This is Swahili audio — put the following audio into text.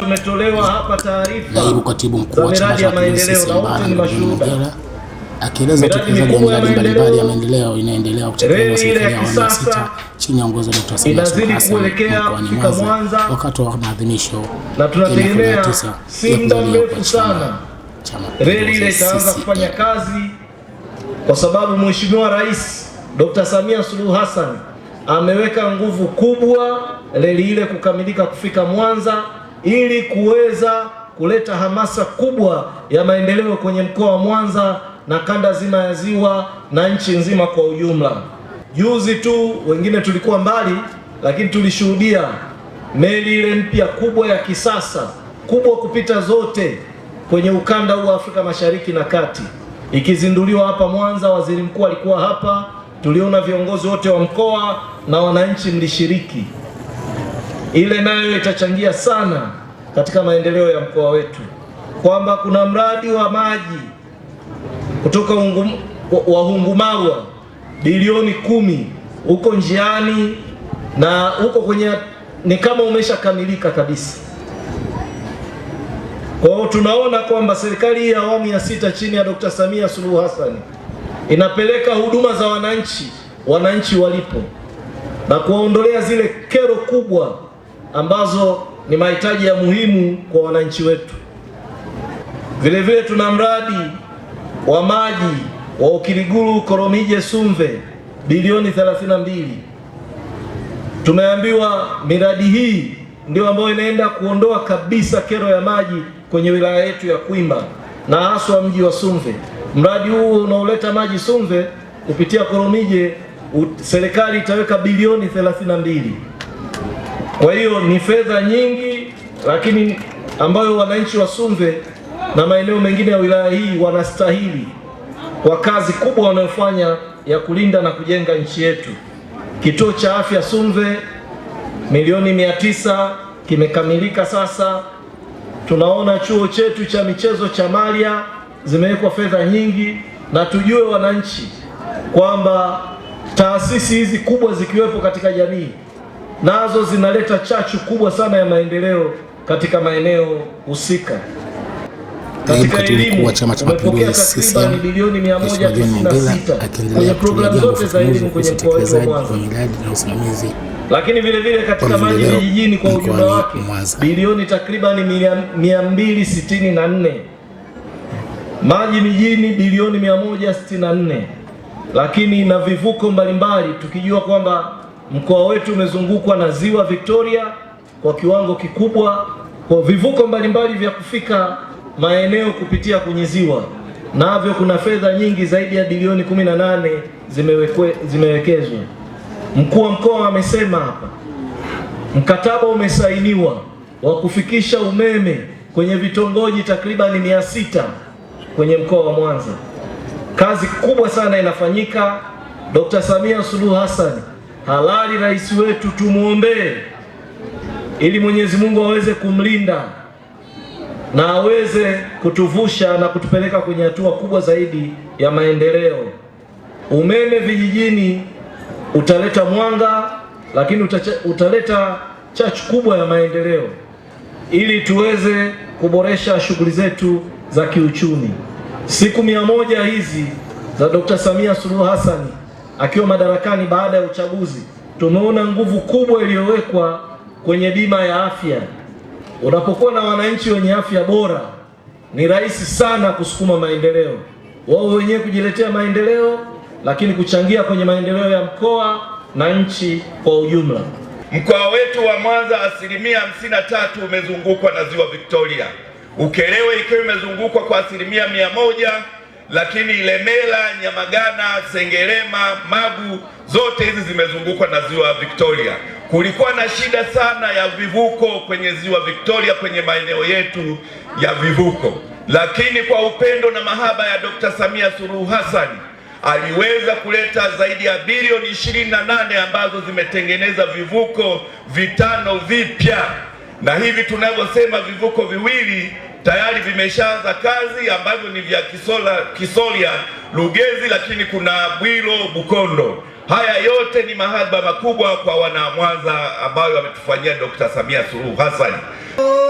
Tumetolewa hapa taarifa. Naibu katibu mkuu wa chama cha mapinduzi bara Mgera akieleza utekelezaji wa miradi mbalimbali ya maendeleo inaendelea kutekelezwa na serikali ya awamu ya sita chini ya uongozi wa Dkt. Samia Suluhu Hassan mkoani Mwanza wakati wa maadhimisho ya miaka mia tisa ya kuzaliwa kwa chama cha mapinduzi kazi kwa sababu Mheshimiwa Rais Dkt. Samia Suluhu Hassan ameweka nguvu kubwa reli ile kukamilika kufika Mwanza ili kuweza kuleta hamasa kubwa ya maendeleo kwenye mkoa wa Mwanza na kanda zima ya ziwa na nchi nzima kwa ujumla. Juzi tu wengine tulikuwa mbali, lakini tulishuhudia meli ile mpya kubwa ya kisasa kubwa kupita zote kwenye ukanda huu wa Afrika Mashariki na Kati ikizinduliwa hapa Mwanza. Waziri mkuu alikuwa hapa, tuliona viongozi wote wa mkoa na wananchi mlishiriki. Ile nayo itachangia sana katika maendeleo ya mkoa wetu kwamba kuna mradi wa maji kutoka ungum, wa Hungumawa bilioni kumi uko njiani na uko kwenye ni kama umeshakamilika kabisa. Kwa hiyo tunaona kwamba serikali hii ya awamu ya sita chini ya Dr. Samia Suluhu Hassan inapeleka huduma za wananchi wananchi walipo na kuwaondolea zile kero kubwa ambazo ni mahitaji ya muhimu kwa wananchi wetu. Vile vile tuna mradi wa maji wa Ukiriguru Koromije Sumve bilioni 32. Tumeambiwa miradi hii ndio ambayo inaenda kuondoa kabisa kero ya maji kwenye wilaya yetu ya Kwimba na haswa mji wa Sumve. Mradi huu unaoleta maji Sumve kupitia Koromije, serikali itaweka bilioni 32. Kwa hiyo ni fedha nyingi, lakini ambayo wananchi wa sumve na maeneo mengine ya wilaya hii wanastahili kwa kazi kubwa wanayofanya ya kulinda na kujenga nchi yetu. Kituo cha afya Sumve milioni mia tisa kimekamilika sasa. Tunaona chuo chetu cha michezo cha Malia zimewekwa fedha nyingi, na tujue wananchi kwamba taasisi hizi kubwa zikiwepo katika jamii nazo zinaleta chachu kubwa sana ya maendeleo katika maeneo husika. Katika elimu tumepokea takriban bilioni 196 kwenye programu zote za elimu kwenye mkoa wetu wa usimamizi lakini vile vile katika maji vijijini kwa ujumla wake bilioni takriban 264, maji mijini bilioni 164, lakini na vivuko mbalimbali tukijua kwamba Mkoa wetu umezungukwa na ziwa Victoria kwa kiwango kikubwa, kwa vivuko mbalimbali vya kufika maeneo kupitia kwenye ziwa, navyo na kuna fedha nyingi zaidi ya bilioni 18 zimewekezwa. Mkuu wa mkoa amesema hapa mkataba umesainiwa wa kufikisha umeme kwenye vitongoji takribani mia sita kwenye mkoa wa Mwanza. Kazi kubwa sana inafanyika. Dr. Samia Suluhu Hassan halali rais wetu, tumwombee ili Mwenyezi Mungu aweze kumlinda na aweze kutuvusha na kutupeleka kwenye hatua kubwa zaidi ya maendeleo. Umeme vijijini utaleta mwanga, lakini utaleta chachu kubwa ya maendeleo ili tuweze kuboresha shughuli zetu za kiuchumi. Siku mia moja hizi za Dr. Samia Suluhu Hassan akiwa madarakani baada ya uchaguzi, tumeona nguvu kubwa iliyowekwa kwenye bima ya afya. Unapokuwa na wananchi wenye afya bora, ni rahisi sana kusukuma maendeleo, wao wenyewe kujiletea maendeleo, lakini kuchangia kwenye maendeleo ya mkoa na nchi kwa ujumla. Mkoa wetu wa Mwanza asilimia hamsini na tatu umezungukwa na ziwa Victoria, Ukerewe ikiwa imezungukwa kwa asilimia mia moja lakini Ilemela, Nyamagana, Sengerema, Magu zote hizi zimezungukwa na ziwa Victoria. Kulikuwa na shida sana ya vivuko kwenye ziwa Victoria kwenye maeneo yetu ya vivuko, lakini kwa upendo na mahaba ya Dr. Samia Suluhu Hassan aliweza kuleta zaidi ya bilioni nane ambazo zimetengeneza vivuko vitano vipya, na hivi tunavyosema vivuko viwili tayari vimeshaanza kazi ambavyo ni vya Kisola, Kisolya Lugezi, lakini kuna bwilo Bukondo. Haya yote ni mahaba makubwa kwa wana Mwanza ambayo ametufanyia Dr. Samia Suluhu Hassan.